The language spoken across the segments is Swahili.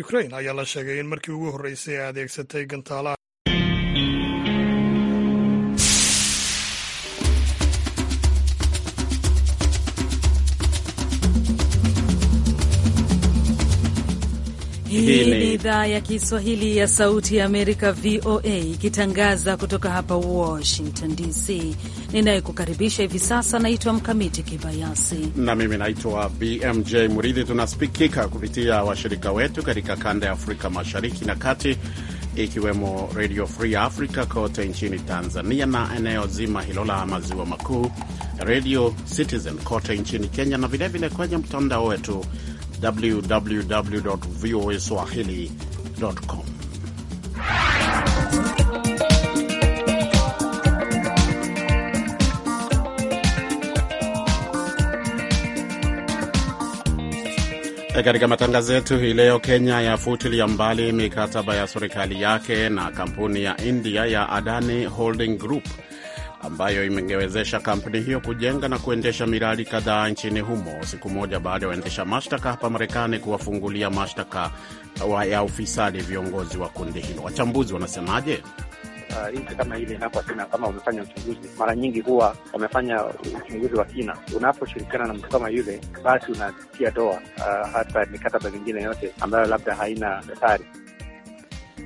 ukrain ayaa la sheegay in markii ugu horreysay ay adeegsatay gantaalaha Hii ni idhaa ya Kiswahili ya Sauti ya Amerika, VOA, ikitangaza kutoka hapa Washington DC. Ninayekukaribisha hivi sasa naitwa Mkamiti Kibayasi na mimi naitwa BMJ Muridhi. Tunasikika kupitia washirika wetu katika kanda ya Afrika Mashariki na Kati, ikiwemo Radio Free Africa kote nchini Tanzania na eneo zima hilo la Maziwa Makuu, Radio Citizen kote nchini Kenya na vilevile kwenye mtandao wetu www voa swahili com. E, katika matangazo yetu hii leo, Kenya yafutilia mbali mikataba ya serikali yake na kampuni ya India ya Adani Holding Group ambayo imewezesha kampuni hiyo kujenga na kuendesha miradi kadhaa nchini humo, siku moja baada ya waendesha mashtaka hapa Marekani kuwafungulia mashtaka ya ufisadi viongozi wa kundi hilo. Wachambuzi wanasemaje? Ah, nchi uh, kama ile kina kama umefanya uchunguzi, mara nyingi huwa wamefanya uchunguzi wa kina. Unaposhirikiana na mtu kama yule, basi unatia doa uh, hata mikataba mingine yote ambayo labda haina hatari.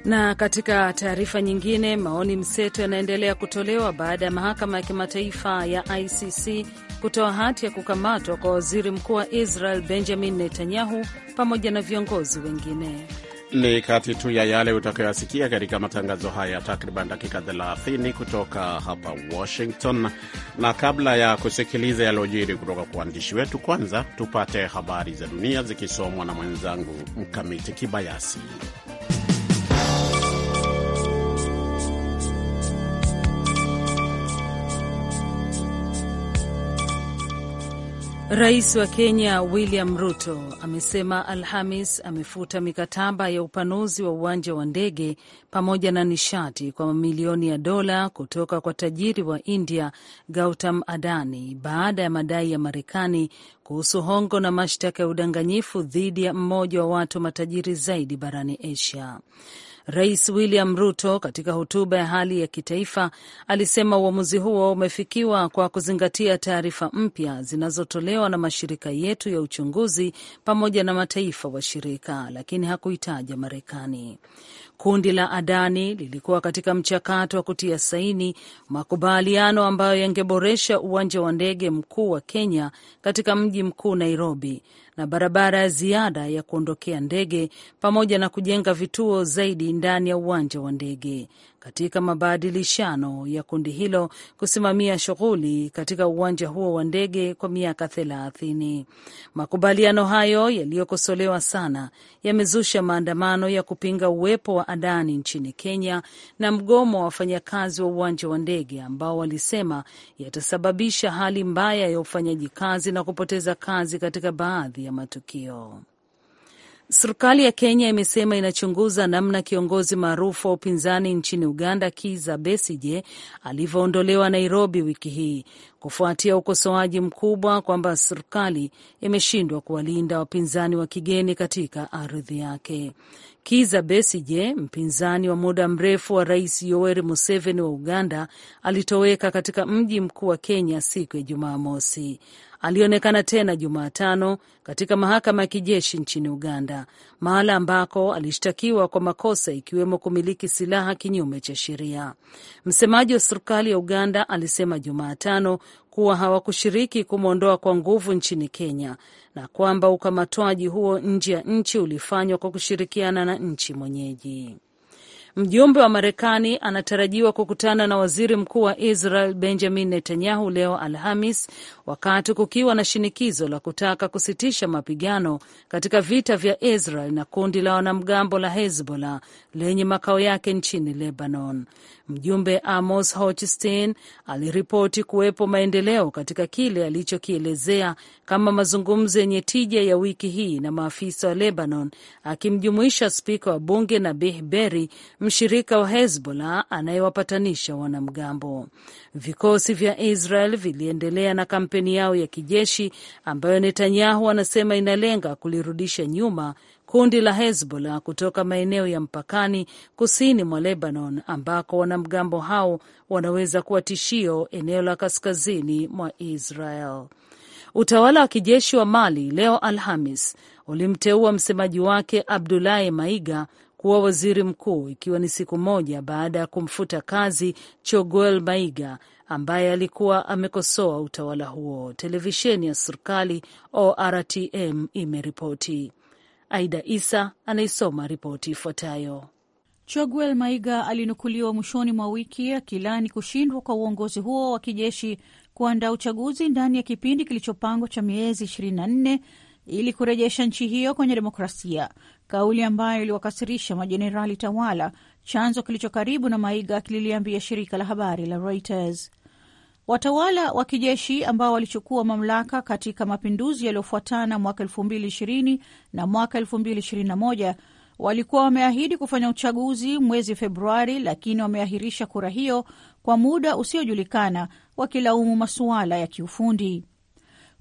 Na katika taarifa nyingine, maoni mseto yanaendelea kutolewa baada ya mahakama ya kimataifa ya ICC kutoa hati ya kukamatwa kwa waziri mkuu wa Israel Benjamin Netanyahu pamoja na viongozi wengine. Ni kati tu ya yale utakayoyasikia katika matangazo haya ya takriban dakika 30 kutoka hapa Washington. Na kabla ya kusikiliza yaliyojiri kutoka kwa waandishi wetu, kwanza tupate habari za dunia zikisomwa na mwenzangu Mkamiti Kibayasi. Rais wa Kenya William Ruto amesema Alhamis amefuta mikataba ya upanuzi wa uwanja wa ndege pamoja na nishati kwa mamilioni ya dola kutoka kwa tajiri wa India Gautam Adani baada ya madai ya Marekani kuhusu hongo na mashtaka ya udanganyifu dhidi ya mmoja wa watu matajiri zaidi barani Asia. Rais William Ruto katika hotuba ya hali ya kitaifa alisema uamuzi huo umefikiwa kwa kuzingatia taarifa mpya zinazotolewa na mashirika yetu ya uchunguzi pamoja na mataifa washirika, lakini hakuitaja Marekani. Kundi la Adani lilikuwa katika mchakato wa kutia saini makubaliano ambayo yangeboresha uwanja wa ndege mkuu wa Kenya katika mji mkuu Nairobi, na barabara ya ziada ya kuondokea ndege pamoja na kujenga vituo zaidi ndani ya uwanja wa ndege katika mabadilishano ya kundi hilo kusimamia shughuli katika uwanja huo wa ndege kwa miaka thelathini. Makubaliano hayo yaliyokosolewa sana yamezusha maandamano ya kupinga uwepo wa Adani nchini Kenya na mgomo wa wafanyakazi wa uwanja wa ndege ambao walisema yatasababisha hali mbaya ya ufanyaji kazi na kupoteza kazi katika baadhi ya matukio. Serikali ya Kenya imesema inachunguza namna kiongozi maarufu wa upinzani nchini Uganda, Kiza Besije, alivyoondolewa Nairobi wiki hii kufuatia ukosoaji mkubwa kwamba serikali imeshindwa kuwalinda wapinzani wa kigeni katika ardhi yake. Kiza Besije, mpinzani wa muda mrefu wa rais Yoweri Museveni wa Uganda, alitoweka katika mji mkuu wa Kenya siku ya Jumamosi. Alionekana tena Jumatano katika mahakama ya kijeshi nchini Uganda, mahala ambako alishtakiwa kwa makosa ikiwemo kumiliki silaha kinyume cha sheria. Msemaji wa serikali ya Uganda alisema Jumatano kuwa hawakushiriki kumwondoa kwa nguvu nchini Kenya na kwamba ukamatwaji huo nje ya nchi ulifanywa kwa kushirikiana na nchi mwenyeji. Mjumbe wa Marekani anatarajiwa kukutana na waziri mkuu wa Israel Benjamin Netanyahu leo Alhamis, wakati kukiwa na shinikizo la kutaka kusitisha mapigano katika vita vya Israel na kundi la wanamgambo la Hezbollah lenye makao yake nchini Lebanon. Mjumbe Amos Hochstein aliripoti kuwepo maendeleo katika kile alichokielezea kama mazungumzo yenye tija ya wiki hii na maafisa wa Lebanon, akimjumuisha spika wa bunge Nabih Berri mshirika wa Hezbollah anayewapatanisha wanamgambo. Vikosi vya Israel viliendelea na kampeni yao ya kijeshi ambayo Netanyahu anasema inalenga kulirudisha nyuma kundi la Hezbollah kutoka maeneo ya mpakani kusini mwa Lebanon ambako wanamgambo hao wanaweza kuwa tishio eneo la kaskazini mwa Israel. Utawala wa kijeshi wa Mali leo Alhamis ulimteua msemaji wake Abdulahi Maiga kuwa waziri mkuu ikiwa ni siku moja baada ya kumfuta kazi Choguel Maiga ambaye alikuwa amekosoa utawala huo, televisheni ya serikali ORTM imeripoti. Aida Isa anaisoma ripoti ifuatayo. Choguel Maiga alinukuliwa mwishoni mwa wiki akilani kushindwa kwa uongozi huo wa kijeshi kuandaa uchaguzi ndani ya kipindi kilichopangwa cha miezi 24 ili kurejesha nchi hiyo kwenye demokrasia, kauli ambayo iliwakasirisha majenerali tawala. Chanzo kilicho karibu na Maiga kililiambia shirika la habari la Reuters watawala wa kijeshi ambao walichukua mamlaka katika mapinduzi yaliyofuatana mwaka ishirini na mwaka moja walikuwa wameahidi kufanya uchaguzi mwezi Februari, lakini wameahirisha kura hiyo kwa muda usiojulikana, wakilaumu masuala ya kiufundi.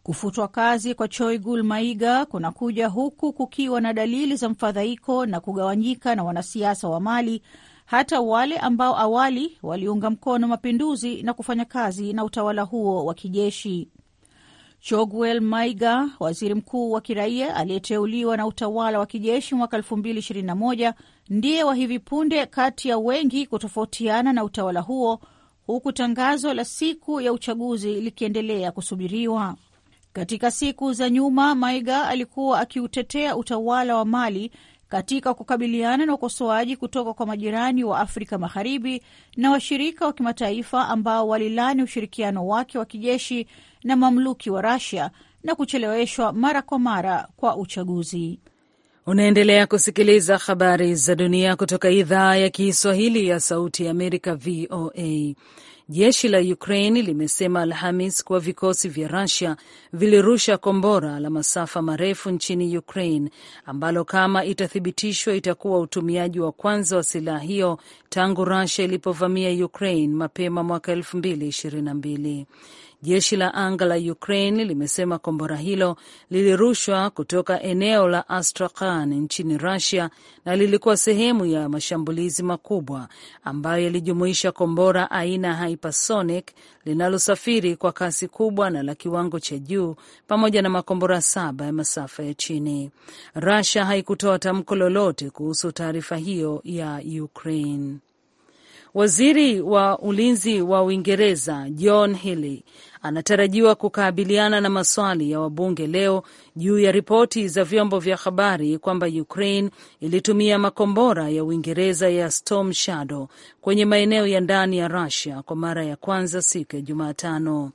Kufutwa kazi kwa Choigul Maiga kunakuja huku kukiwa na dalili za mfadhaiko na kugawanyika na wanasiasa wa Mali, hata wale ambao awali waliunga mkono mapinduzi na kufanya kazi na utawala huo wa kijeshi. Choguel Maiga, waziri mkuu wa kiraia aliyeteuliwa na utawala wa kijeshi mwaka 2021, ndiye wa hivi punde kati ya wengi kutofautiana na utawala huo, huku tangazo la siku ya uchaguzi likiendelea kusubiriwa. Katika siku za nyuma, Maiga alikuwa akiutetea utawala wa Mali katika kukabiliana na ukosoaji kutoka kwa majirani wa Afrika Magharibi na washirika wa kimataifa ambao walilani ushirikiano wake wa kijeshi na mamluki wa rasia na kucheleweshwa mara kwa mara kwa uchaguzi. Unaendelea kusikiliza habari za dunia kutoka idhaa ya Kiswahili ya Sauti ya Amerika, VOA. Jeshi la Ukraine limesema Alhamis kuwa vikosi vya Rusia vilirusha kombora la masafa marefu nchini Ukraine ambalo kama itathibitishwa itakuwa utumiaji wa kwanza wa silaha hiyo tangu Rusia ilipovamia Ukraine mapema mwaka elfu mbili ishirini na mbili. Jeshi la anga la Ukraine limesema kombora hilo lilirushwa kutoka eneo la Astrakhan nchini Russia na lilikuwa sehemu ya mashambulizi makubwa ambayo yalijumuisha kombora aina ya hypersonic linalosafiri kwa kasi kubwa na la kiwango cha juu pamoja na makombora saba ya masafa ya chini. Russia haikutoa tamko lolote kuhusu taarifa hiyo ya Ukraine. Waziri wa ulinzi wa Uingereza John Healey anatarajiwa kukabiliana na maswali ya wabunge leo juu ya ripoti za vyombo vya habari kwamba Ukraine ilitumia makombora ya Uingereza ya Storm Shadow kwenye maeneo ya ndani ya Russia kwa mara ya kwanza siku ya Jumatano.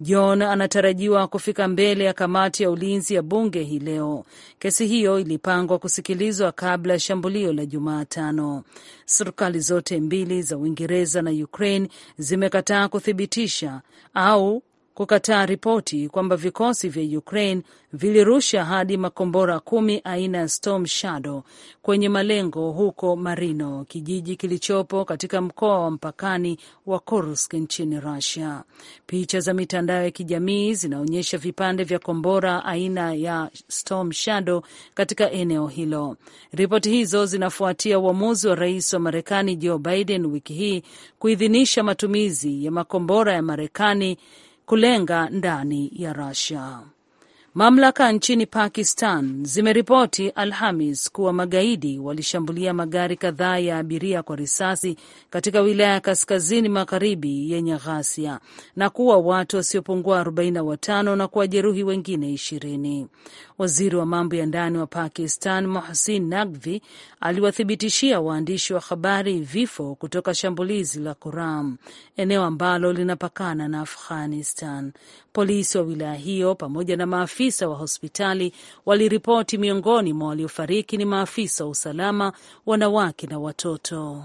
John anatarajiwa kufika mbele ya kamati ya ulinzi ya bunge hii leo. Kesi hiyo ilipangwa kusikilizwa kabla ya shambulio la Jumatano. Serikali zote mbili za Uingereza na Ukraine zimekataa kuthibitisha au kukataa ripoti kwamba vikosi vya Ukraine vilirusha hadi makombora kumi aina ya Storm Shadow kwenye malengo huko Marino, kijiji kilichopo katika mkoa wa mpakani wa Kursk nchini Russia. Picha za mitandao ya kijamii zinaonyesha vipande vya kombora aina ya Storm Shadow katika eneo hilo. Ripoti hizo zinafuatia uamuzi wa rais wa Marekani Joe Biden wiki hii kuidhinisha matumizi ya makombora ya Marekani kulenga ndani ya rasia Mamlaka nchini Pakistan zimeripoti Alhamis kuwa magaidi walishambulia magari kadhaa ya abiria kwa risasi katika wilaya ya kaskazini magharibi yenye ghasia na kuwa watu wasiopungua 45 na kuwajeruhi wengine ishirini. Waziri wa mambo ya ndani wa Pakistan Mohsin Naqvi aliwathibitishia waandishi wa habari vifo kutoka shambulizi la Kuram, eneo ambalo linapakana na Afghanistan. Polisi wa wilaya hiyo pamoja na maafisa wa hospitali waliripoti miongoni mwa waliofariki ni maafisa wa usalama, wanawake na watoto.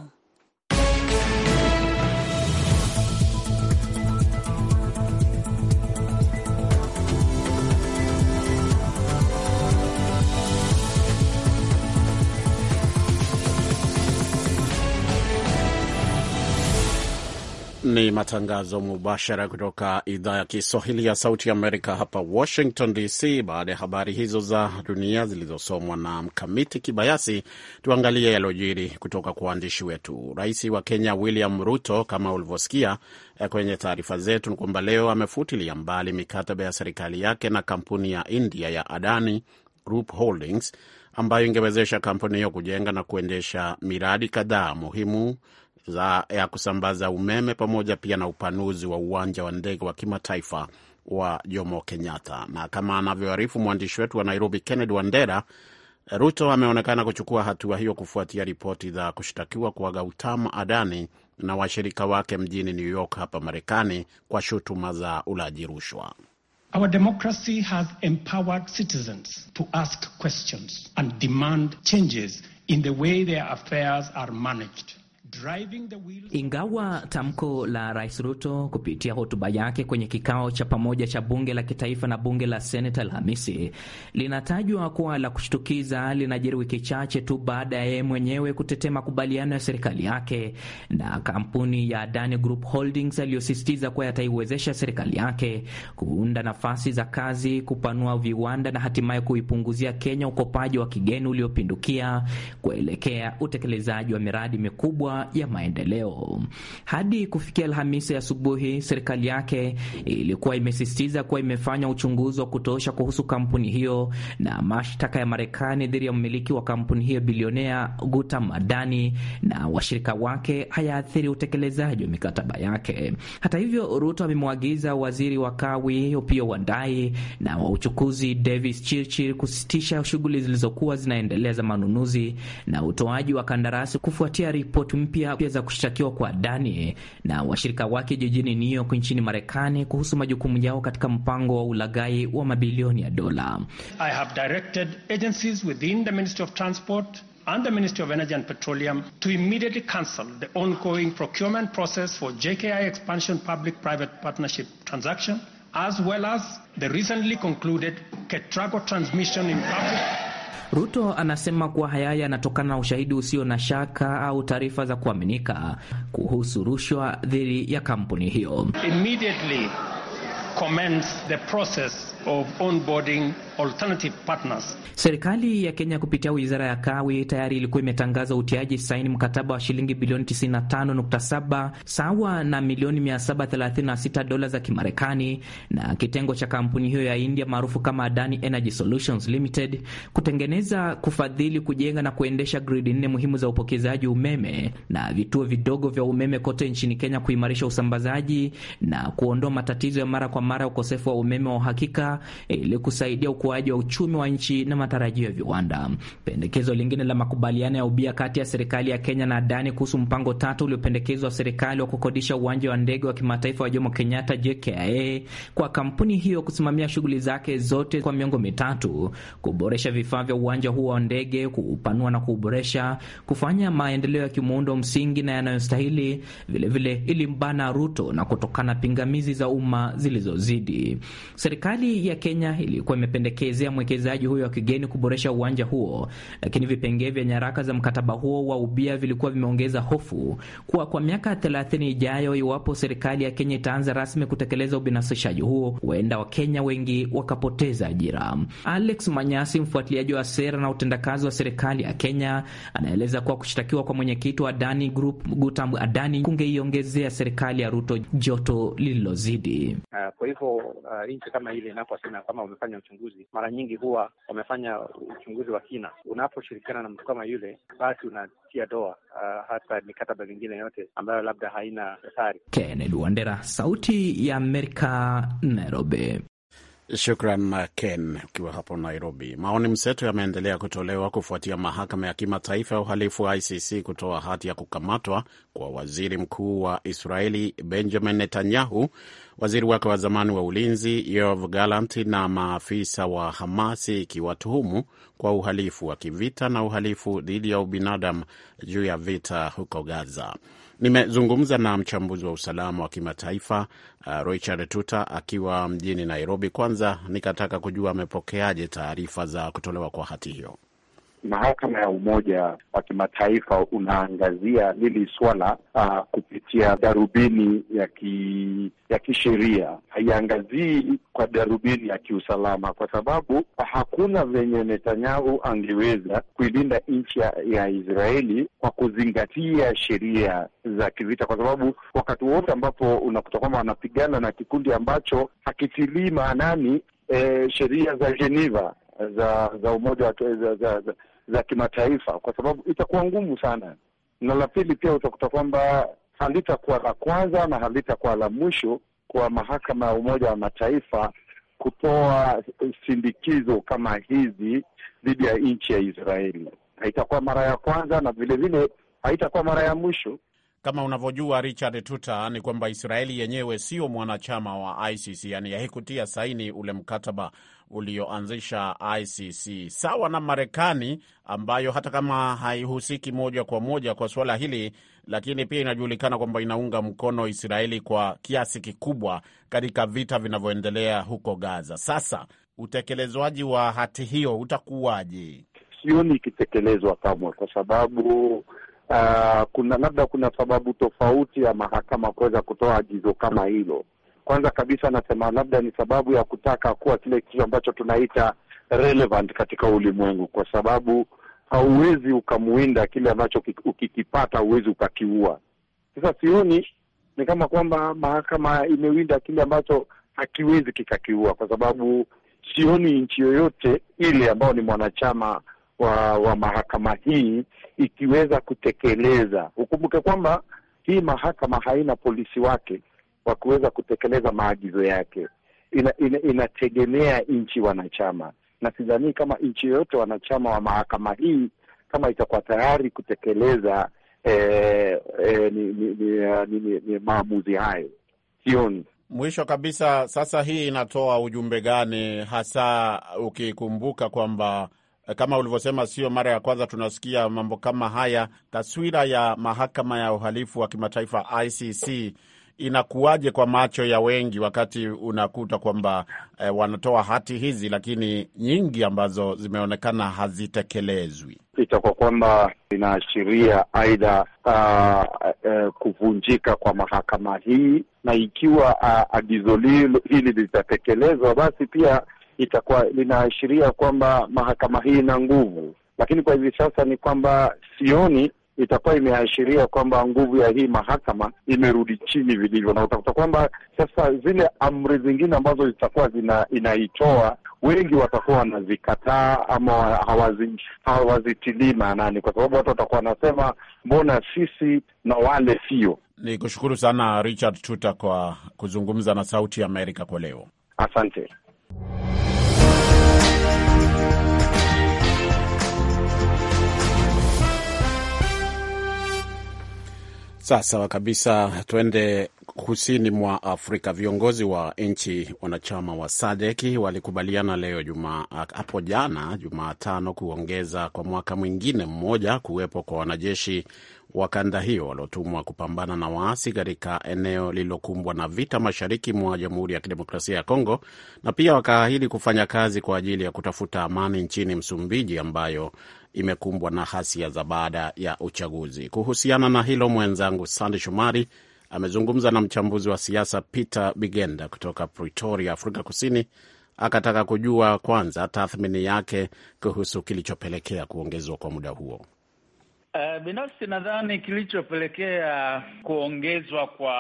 Ni matangazo mubashara kutoka idhaa ya Kiswahili ya Sauti Amerika hapa Washington DC. Baada ya habari hizo za dunia zilizosomwa na Mkamiti Kibayasi, tuangalie yaliojiri kutoka kwa waandishi wetu. Rais wa Kenya William Ruto, kama ulivyosikia eh, kwenye taarifa zetu, ni kwamba leo amefutilia mbali mikataba ya serikali yake na kampuni ya India ya Adani Group Holdings ambayo ingewezesha kampuni hiyo kujenga na kuendesha miradi kadhaa muhimu za ya kusambaza umeme pamoja pia na upanuzi wa uwanja wa ndege wa kimataifa wa Jomo Kenyatta. Na kama anavyoarifu mwandishi wetu wa Nairobi, Kennedy Wandera, Ruto ameonekana kuchukua hatua hiyo kufuatia ripoti za kushtakiwa kwa Gautam Adani na washirika wake mjini New York hapa Marekani kwa shutuma za ulaji rushwa. Our democracy has empowered citizens to ask questions and demand changes in the way their affairs are managed. Ingawa tamko la Rais Ruto kupitia hotuba yake kwenye kikao cha pamoja cha bunge la kitaifa na bunge la seneta Alhamisi linatajwa kuwa la kushtukiza, linajiri wiki chache tu baada ya yeye mwenyewe kutetea makubaliano ya serikali yake na kampuni ya Adani Group Holdings aliyosisitiza kuwa yataiwezesha serikali yake kuunda nafasi za kazi, kupanua viwanda na hatimaye kuipunguzia Kenya ukopaji wa kigeni uliopindukia kuelekea utekelezaji wa miradi mikubwa ya maendeleo. Hadi kufikia Alhamisi asubuhi, ya serikali yake ilikuwa imesisitiza kuwa imefanya uchunguzi wa kutosha kuhusu kampuni hiyo na mashtaka ya Marekani dhidi ya mmiliki wa kampuni hiyo bilionea Guta Madani na washirika wake hayaathiri utekelezaji wa mikataba yake. Hata hivyo, Ruto amemwagiza waziri wa kawi Opiyo Wandayi na wa uchukuzi Davis Chirchir kusitisha shughuli zilizokuwa zinaendelea za manunuzi na utoaji wa kandarasi kufuatia ripoti mpya za kushtakiwa kwa Dani na washirika wake jijini New York nchini Marekani kuhusu majukumu yao katika mpango wa ulaghai wa mabilioni ya dola. I have directed agencies within the Ministry of Transport and the Ministry of Energy and Petroleum to immediately cancel the ongoing procurement process for JKI expansion public-private partnership transaction as well as the recently concluded Ketrago transmission in public Ruto anasema kuwa haya yanatokana na ushahidi usio na shaka au taarifa za kuaminika kuhusu rushwa dhidi ya kampuni hiyo. Immediately commence the process of onboarding alternative partners. Serikali ya Kenya kupitia wizara ya kawi tayari ilikuwa imetangaza utiaji saini mkataba wa shilingi bilioni 95.7 sawa na milioni 736 dola za Kimarekani na kitengo cha kampuni hiyo ya India maarufu kama Adani Energy Solutions Limited kutengeneza, kufadhili, kujenga na kuendesha gridi nne muhimu za upokezaji umeme na vituo vidogo vya umeme kote nchini Kenya kuimarisha usambazaji na kuondoa matatizo ya mara kwa mara ya ukosefu wa umeme wa uhakika Eh, ili kusaidia ukuaji wa uchumi wa nchi na matarajio ya viwanda. Pendekezo lingine la makubaliano ya ubia kati ya serikali ya Kenya na Adani kuhusu mpango tatu uliopendekezwa serikali wa kukodisha uwanja wa ndege wa kimataifa wa Jomo Kenyatta JKIA kwa kampuni hiyo kusimamia shughuli zake zote kwa miongo mitatu, kuboresha vifaa vya uwanja huo wa ndege, kuupanua na kuuboresha, kufanya maendeleo ya kimuundo msingi na yanayostahili. Vilevile ilimbana Ruto na kutokana pingamizi za umma zilizozidi serikali Bei ya Kenya ilikuwa imependekezea mwekezaji huyo wa kigeni kuboresha uwanja huo, lakini vipengee vya nyaraka za mkataba huo wa ubia vilikuwa vimeongeza hofu kuwa kwa miaka 30 ijayo, iwapo serikali ya Kenya itaanza rasmi kutekeleza ubinafsishaji huo, huenda Wakenya wengi wakapoteza ajira. Alex Manyasi, mfuatiliaji wa sera na utendakazi wa serikali ya Kenya, anaeleza kuwa kushtakiwa kwa mwenyekiti wa Adani Group Gutam Adani kungeiongezea serikali ya Ruto joto lililozidi. Uh, kwa hivyo uh, nchi kama hili kuwasiliana kama wamefanya uchunguzi. Mara nyingi huwa wamefanya uchunguzi wa kina. Unaposhirikiana na mtu kama yule, basi unatia doa uh, hata mikataba mingine yote ambayo labda haina athari. Kennedy Wandera, Sauti ya Amerika, Nairobi. Shukran uh, Ken, ukiwa hapo Nairobi. Maoni mseto yameendelea kutolewa kufuatia mahakama ya kimataifa ya uhalifu wa ICC kutoa hati ya kukamatwa kwa waziri mkuu wa Israeli Benjamin Netanyahu, waziri wake wa zamani wa ulinzi Yoav Gallant na maafisa wa Hamasi, ikiwatuhumu kwa uhalifu wa kivita na uhalifu dhidi ya ubinadamu juu ya vita huko Gaza. Nimezungumza na mchambuzi wa usalama wa kimataifa uh, Richard Tuta akiwa mjini Nairobi. Kwanza nikataka kujua amepokeaje taarifa za kutolewa kwa hati hiyo mahakama ya Umoja wa Kimataifa unaangazia lili swala uh, kupitia darubini ya ki, ya kisheria, haiangazii kwa darubini ya kiusalama, kwa sababu hakuna venye Netanyahu angeweza kuilinda nchi ya Israeli kwa kuzingatia sheria za kivita, kwa sababu wakati wote ambapo unakuta kwamba wanapigana na kikundi ambacho hakitilii maanani eh, sheria za Geneva za za umoja wa za, za, za, za kimataifa, kwa sababu itakuwa ngumu sana. Na la pili pia utakuta kwamba halitakuwa la kwanza na halitakuwa la mwisho kwa mahakama ya Umoja wa Mataifa kutoa sindikizo kama hizi dhidi ya nchi ya Israeli. Haitakuwa mara ya kwanza na vilevile haitakuwa mara ya mwisho. Kama unavyojua Richard Tuta, ni kwamba Israeli yenyewe sio mwanachama wa ICC, yani haikutia saini ule mkataba ulioanzisha ICC, sawa na Marekani ambayo hata kama haihusiki moja kwa moja kwa suala hili, lakini pia inajulikana kwamba inaunga mkono Israeli kwa kiasi kikubwa katika vita vinavyoendelea huko Gaza. Sasa utekelezwaji wa hati hiyo utakuwaje? Sioni ikitekelezwa kamwe, kwa sababu uh, kuna labda kuna sababu tofauti ya mahakama kuweza kutoa agizo kama hilo. Kwanza kabisa, anasema labda ni sababu ya kutaka kuwa kile kitu ambacho tunaita relevant katika ulimwengu, kwa sababu hauwezi ukamuinda kile ambacho ukikipata huwezi ukakiua. Sasa sioni ni kama kwamba mahakama imewinda kile ambacho hakiwezi kikakiua, kwa sababu sioni nchi yoyote ile ambayo ni mwanachama wa, wa mahakama hii ikiweza kutekeleza. Ukumbuke kwamba hii mahakama haina polisi wake wa kuweza kutekeleza maagizo yake, inategemea ina, ina nchi wanachama, na sidhanii kama nchi yoyote wanachama wa mahakama hii kama itakuwa tayari kutekeleza eh, eh, ni, ni, ni, ni, ni maamuzi hayo sioni. Mwisho kabisa, sasa hii inatoa ujumbe gani hasa ukikumbuka kwamba Eh, kama ulivyosema, sio mara ya kwanza tunasikia mambo kama haya. Taswira ya mahakama ya uhalifu wa kimataifa ICC inakuwaje kwa macho ya wengi, wakati unakuta kwamba e, wanatoa hati hizi, lakini nyingi ambazo zimeonekana hazitekelezwi, itakuwa kwamba inaashiria aidha uh, uh, kuvunjika kwa mahakama hii, na ikiwa uh, agizo hili litatekelezwa, basi pia itakuwa linaashiria kwamba mahakama hii ina nguvu, lakini kwa hivi sasa ni kwamba sioni itakuwa imeashiria kwamba nguvu ya hii mahakama imerudi chini vilivyo, na utakuta kwamba sasa zile amri zingine ambazo zitakuwa zina, inaitoa wengi watakuwa wanazikataa ama hawazi, hawazitilii maanani, kwa sababu watu watakuwa wanasema mbona sisi na wale sio. Ni kushukuru sana Richard Tuta kwa kuzungumza na Sauti ya Amerika kwa leo, asante. Sawa kabisa, tuende kusini mwa Afrika. Viongozi wa nchi wanachama wa SADEKI walikubaliana leo juma, hapo jana Jumatano, kuongeza kwa mwaka mwingine mmoja kuwepo kwa wanajeshi wa kanda hiyo waliotumwa kupambana na waasi katika eneo lililokumbwa na vita mashariki mwa Jamhuri ya Kidemokrasia ya Kongo, na pia wakaahidi kufanya kazi kwa ajili ya kutafuta amani nchini Msumbiji ambayo imekumbwa na hasia za baada ya uchaguzi. Kuhusiana na hilo, mwenzangu Sande Shomari amezungumza na mchambuzi wa siasa Peter Bigenda kutoka Pretoria, Afrika Kusini, akataka kujua kwanza tathmini yake kuhusu kilichopelekea kuongezwa kwa muda huo. Uh, binafsi nadhani kilichopelekea kuongezwa kwa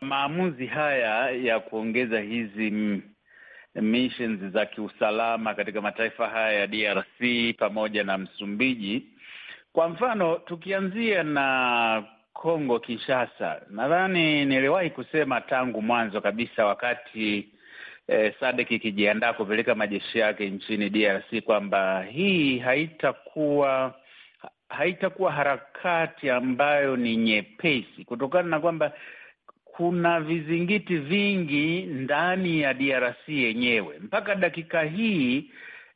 maamuzi haya ya kuongeza hizi missions za kiusalama katika mataifa haya ya DRC pamoja na Msumbiji. Kwa mfano, tukianzia na Kongo Kinshasa, nadhani niliwahi kusema tangu mwanzo kabisa wakati eh, SADC ikijiandaa kupeleka majeshi yake nchini DRC kwamba hii haitakuwa haitakuwa harakati ambayo ni nyepesi kutokana na kwamba kuna vizingiti vingi ndani ya DRC yenyewe mpaka dakika hii.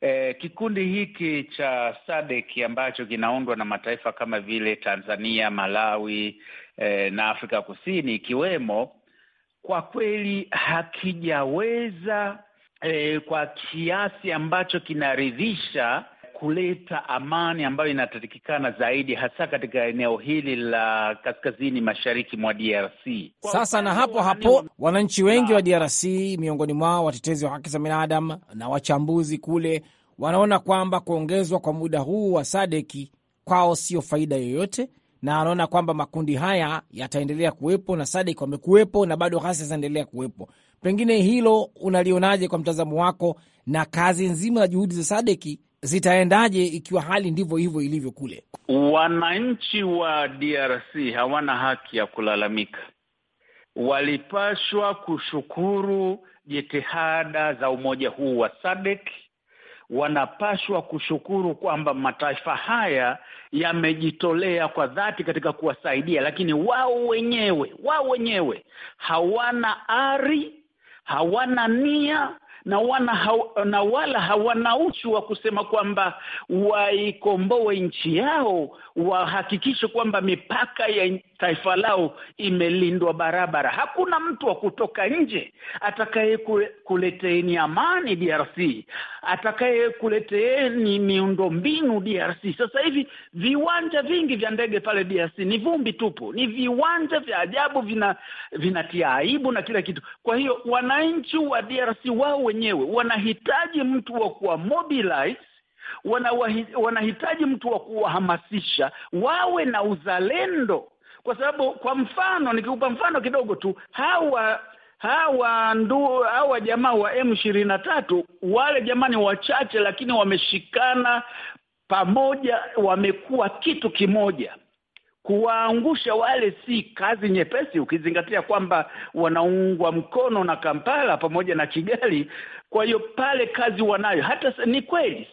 Eh, kikundi hiki cha SADC ambacho kinaundwa na mataifa kama vile Tanzania, Malawi, eh, na Afrika Kusini ikiwemo, kwa kweli hakijaweza eh, kwa kiasi ambacho kinaridhisha kuleta amani ambayo inatakikana zaidi hasa katika eneo hili la kaskazini mashariki mwa DRC. Sasa na hapo hapo, wananchi wengi wa DRC, miongoni mwao watetezi wa haki za binadamu na wachambuzi kule, wanaona kwamba kuongezwa kwa muda huu wa sadeki kwao sio faida yoyote, na wanaona kwamba makundi haya yataendelea kuwepo na sadeki wamekuwepo na bado ghasia zinaendelea kuwepo. Pengine hilo unalionaje kwa mtazamo wako na kazi nzima ya juhudi za sadeki zitaendaje ikiwa hali ndivyo hivyo ilivyo kule? Wananchi wa DRC hawana haki ya kulalamika, walipashwa kushukuru jitihada za umoja huu wa SADC. Wanapashwa kushukuru kwamba mataifa haya yamejitolea kwa dhati katika kuwasaidia, lakini wao wenyewe wao wenyewe hawana ari, hawana nia na, wana haw, na wala hawana uchu wa kusema kwamba waikomboe nchi yao, wahakikishe kwamba mipaka ya taifa lao imelindwa barabara. Hakuna mtu wa kutoka nje atakaye kuleteeni amani DRC, atakaye kuleteeni miundombinu DRC. Sasa hivi viwanja vingi vya ndege pale DRC ni vumbi tupu, ni viwanja vya ajabu, vina vinatia aibu na kila kitu. Kwa hiyo wananchi wa DRC wao wenyewe wanahitaji mtu wa kuwa mobilize wanahitaji mtu wa kuwahamasisha wawe na uzalendo kwa sababu kwa mfano nikikupa mfano kidogo tu hawa hawa ndu hawa jamaa wa M23 wale jamaa ni wachache, lakini wameshikana pamoja, wamekuwa kitu kimoja kuwaangusha wale si kazi nyepesi, ukizingatia kwamba wanaungwa mkono na Kampala pamoja na Kigali. Kwa hiyo pale kazi wanayo. Hata ni kweli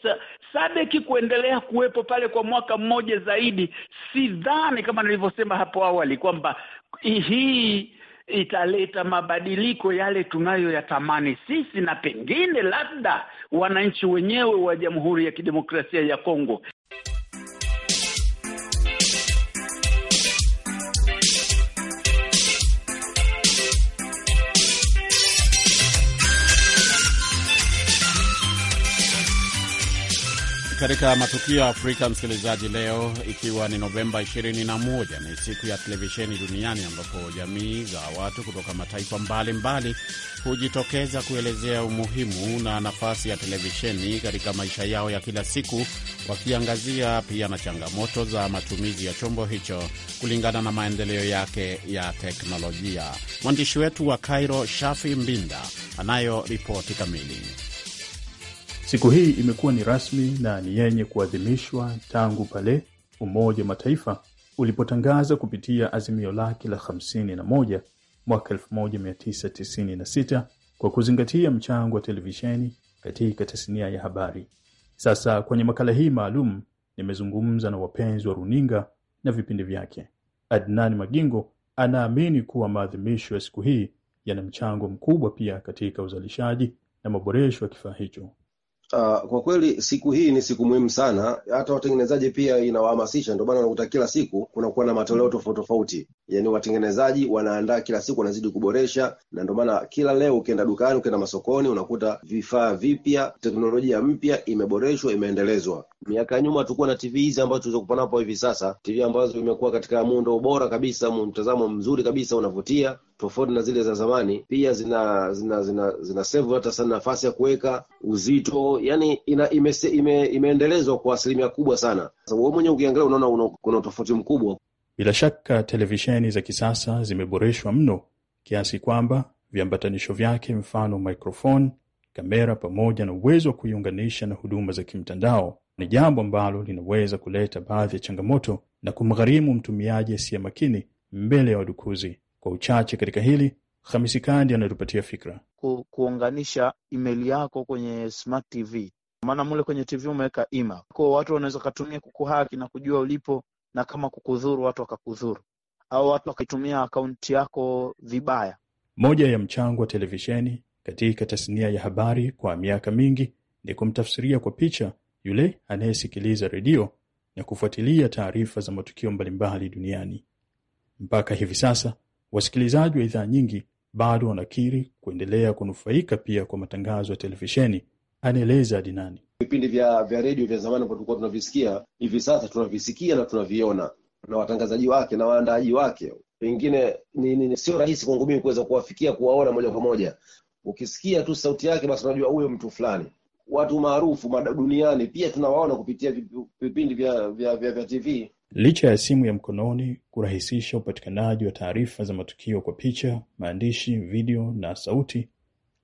Sadeki kuendelea kuwepo pale kwa mwaka mmoja zaidi, sidhani kama nilivyosema hapo awali kwamba hii italeta mabadiliko yale tunayoyatamani sisi na pengine labda wananchi wenyewe wa Jamhuri ya Kidemokrasia ya Kongo. Katika matukio ya Afrika, msikilizaji, leo ikiwa ni Novemba 21 ni siku ya televisheni duniani ambapo jamii za watu kutoka mataifa mbalimbali hujitokeza kuelezea umuhimu na nafasi ya televisheni katika maisha yao ya kila siku, wakiangazia pia na changamoto za matumizi ya chombo hicho kulingana na maendeleo yake ya teknolojia. Mwandishi wetu wa Cairo, Shafi Mbinda, anayo ripoti kamili. Siku hii imekuwa ni rasmi na ni yenye kuadhimishwa tangu pale Umoja wa Mataifa ulipotangaza kupitia azimio lake la 51 mwaka 1996 kwa kuzingatia mchango wa televisheni katika tasnia ya habari. Sasa kwenye makala hii maalum nimezungumza na wapenzi wa runinga na vipindi vyake. Adnan Magingo anaamini kuwa maadhimisho ya siku hii yana mchango mkubwa pia katika uzalishaji na maboresho ya kifaa hicho. Uh, kwa kweli siku hii ni siku muhimu sana, hata watengenezaji pia inawahamasisha. Ndio maana unakuta kila siku kunakuwa na matoleo tofauti tofauti, yani watengenezaji wanaandaa kila siku, wanazidi kuboresha, na ndio maana kila leo ukienda dukani, ukienda masokoni, unakuta vifaa vipya, teknolojia mpya imeboreshwa, imeendelezwa. Miaka ya nyuma tukuwa na TV hizi ambazo tulizokuwa napo hivi sasa, TV ambazo imekuwa katika muundo bora kabisa, mtazamo mzuri kabisa, unavutia tofauti na zile za zamani, pia zina zina zina, zina save hata sana nafasi ya kuweka uzito, yani ina, ime, ime, imeendelezwa kwa asilimia kubwa sana. Sasa wewe mwenyewe ukiangalia unaona kuna utofauti mkubwa. Bila shaka televisheni za kisasa zimeboreshwa mno kiasi kwamba viambatanisho vyake, mfano microphone, kamera pamoja na uwezo wa kuiunganisha na huduma za kimtandao ni jambo ambalo linaweza kuleta baadhi ya changamoto na kumgharimu mtumiaji asiye makini mbele ya wadukuzi. Kwa uchache katika hili, Hamisi Kandi anatupatia fikra. Ku, kuunganisha email yako kwenye smart TV, maana mule kwenye TV umeweka ima kwa watu wanaweza katumia kukuhaki na kujua ulipo, na kama kukudhuru watu wakakudhuru, au watu wakaitumia akaunti yako vibaya. Moja ya mchango wa televisheni katika tasnia ya habari kwa miaka mingi ni kumtafsiria kwa picha yule anayesikiliza redio na kufuatilia taarifa za matukio mbalimbali duniani. Mpaka hivi sasa Wasikilizaji wa idhaa nyingi bado wanakiri kuendelea kunufaika pia kwa matangazo ya televisheni, anaeleza dinani Vipindi vya vya redio vya zamani ambao tulikuwa tunavisikia, hivi sasa tunavisikia na tunaviona na watangazaji wake na waandaaji wake, pengine ni, ni, ni sio rahisi kwangu mimi kuweza kuwafikia kuwaona moja kwa moja. Ukisikia tu sauti yake, basi unajua huyo mtu fulani. Watu maarufu duniani pia tunawaona kupitia vipindi vya, vya, vya, vya TV Licha ya simu ya mkononi kurahisisha upatikanaji wa taarifa za matukio kwa picha, maandishi, video na sauti,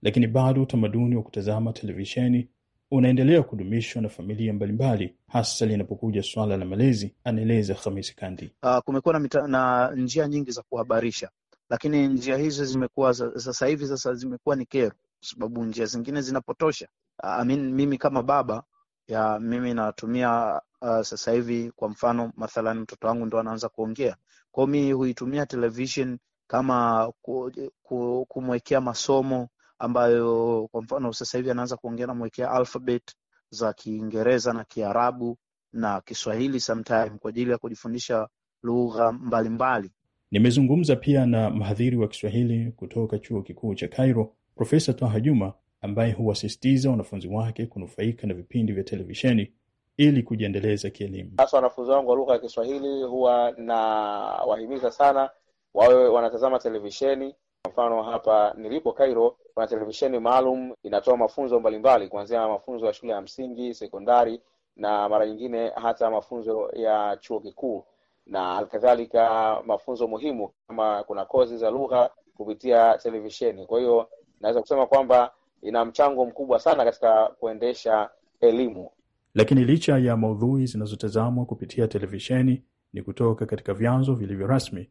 lakini bado utamaduni wa kutazama televisheni unaendelea kudumishwa na familia mbalimbali, hasa linapokuja swala la malezi, anaeleza Khamisi Kandi. Uh, kumekuwa na, mita, na njia nyingi za kuhabarisha, lakini njia hizo zimekuwa sasa hivi sasa zimekuwa ni kero, kwa sababu njia zingine zinapotosha. Uh, mimi kama baba ya mimi natumia uh, sasa hivi kwa mfano mathalan mtoto wangu ndo anaanza kuongea kwao, mi huitumia televishen kama ku, ku, kumwekea masomo ambayo kwa mfano sasa hivi anaanza kuongea, namwekea alphabet za Kiingereza na Kiarabu na Kiswahili sometime kwa ajili ya kujifundisha lugha mbalimbali. Nimezungumza pia na mhadhiri wa Kiswahili kutoka chuo kikuu cha Cairo, Profesa Twaha Juma ambaye huwasisitiza wanafunzi wake kunufaika na vipindi vya televisheni ili kujiendeleza kielimu. Hasa wanafunzi wangu wa lugha ya Kiswahili huwa nawahimiza sana wawe wanatazama televisheni. Kwa mfano hapa nilipo Cairo, kuna televisheni maalum inatoa mafunzo mbalimbali, kuanzia mafunzo ya shule ya msingi, sekondari na mara nyingine hata mafunzo ya chuo kikuu na halikadhalika mafunzo muhimu kama kuna kozi za lugha kupitia televisheni. Kwa hiyo naweza kusema kwamba ina mchango mkubwa sana katika kuendesha elimu. Lakini licha ya maudhui zinazotazamwa kupitia televisheni ni kutoka katika vyanzo vilivyo rasmi,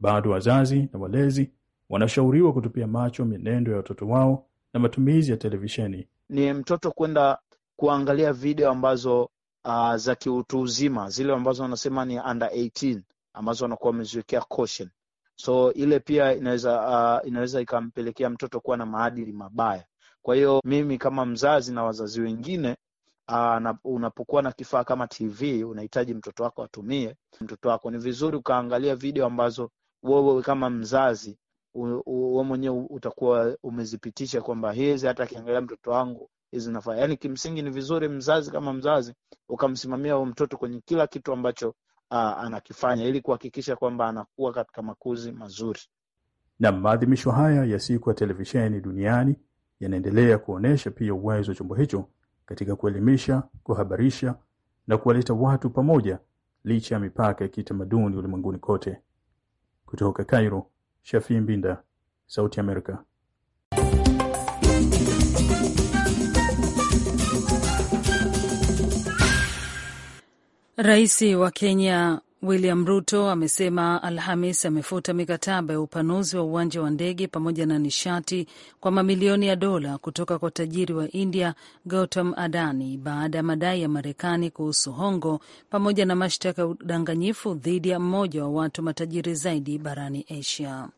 bado wazazi na walezi wanashauriwa kutupia macho mienendo ya watoto wao na matumizi ya televisheni. Ni mtoto kwenda kuangalia video ambazo uh, za kiutu uzima, zile ambazo wanasema ni under 18 ambazo wanakuwa wameziwekea caution, so ile pia inaweza uh, inaweza ikampelekea mtoto kuwa na maadili mabaya. Kwa hiyo mimi kama mzazi na wazazi wengine ah, na, unapokuwa na kifaa kama TV unahitaji mtoto wako atumie, mtoto wako ni vizuri ukaangalia video ambazo wewe kama mzazi wewe mwenyewe utakuwa umezipitisha kwamba hizi hata akiangalia mtoto wangu hizi nafaa. Yani kimsingi ni vizuri mzazi kama mzazi ukamsimamia huyo mtoto kwenye kila kitu ambacho uh, anakifanya ili kuhakikisha kwamba anakuwa katika makuzi mazuri. Na maadhimisho haya ya siku ya televisheni duniani yanaendelea kuonesha pia uwezo wa chombo hicho katika kuelimisha, kuhabarisha na kuwaleta watu pamoja licha ya mipaka ya kitamaduni ulimwenguni kote. Kutoka Cairo, Shafii Mbinda, Sauti Amerika. Rais wa Kenya William Ruto amesema Alhamis amefuta mikataba ya upanuzi wa uwanja wa ndege pamoja na nishati kwa mamilioni ya dola kutoka kwa tajiri wa India Gautam Adani baada ya madai ya Marekani kuhusu hongo pamoja na mashtaka ya udanganyifu dhidi ya mmoja wa watu matajiri zaidi barani Asia.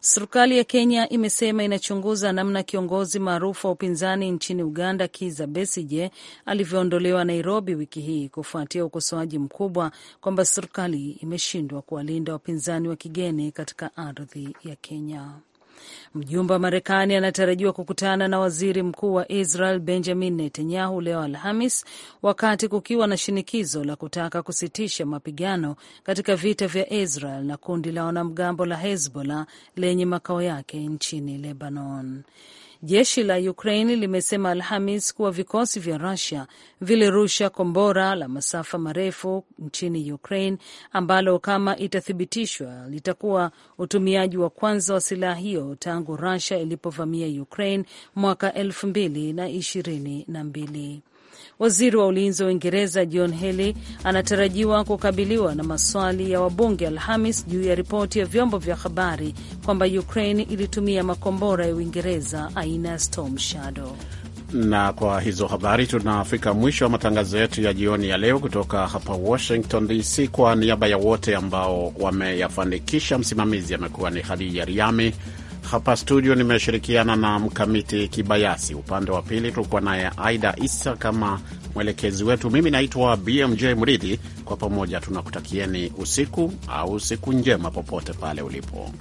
Serikali ya Kenya imesema inachunguza namna kiongozi maarufu wa upinzani nchini Uganda, Kiza Besije, alivyoondolewa Nairobi wiki hii kufuatia ukosoaji mkubwa kwamba serikali imeshindwa kuwalinda wapinzani wa kigeni katika ardhi ya Kenya. Mjumbe wa Marekani anatarajiwa kukutana na waziri mkuu wa Israel Benjamin Netanyahu leo Alhamis, wakati kukiwa na shinikizo la kutaka kusitisha mapigano katika vita vya Israel na kundi la wanamgambo la Hezbollah lenye makao yake nchini Lebanon. Jeshi la Ukraine limesema Alhamis kuwa vikosi vya Rusia vilirusha kombora la masafa marefu nchini Ukraine ambalo kama itathibitishwa litakuwa utumiaji wa kwanza wa silaha hiyo tangu Rusia ilipovamia Ukraine mwaka elfu mbili na ishirini na mbili. Waziri wa ulinzi wa Uingereza John Healey anatarajiwa kukabiliwa na maswali ya wabunge Alhamis juu ya ripoti ya vyombo vya habari kwamba Ukraine ilitumia makombora ya Uingereza aina ya Storm Shadow. Na kwa hizo habari tunafika mwisho wa matangazo yetu ya jioni ya leo kutoka hapa Washington DC. Kwa niaba ya wote ambao wameyafanikisha, msimamizi amekuwa ni Hadija Riami. Hapa studio nimeshirikiana na Mkamiti Kibayasi, upande wa pili tulikuwa naye Aida Issa kama mwelekezi wetu. Mimi naitwa BMJ Mridhi. Kwa pamoja tunakutakieni usiku au siku njema popote pale ulipo.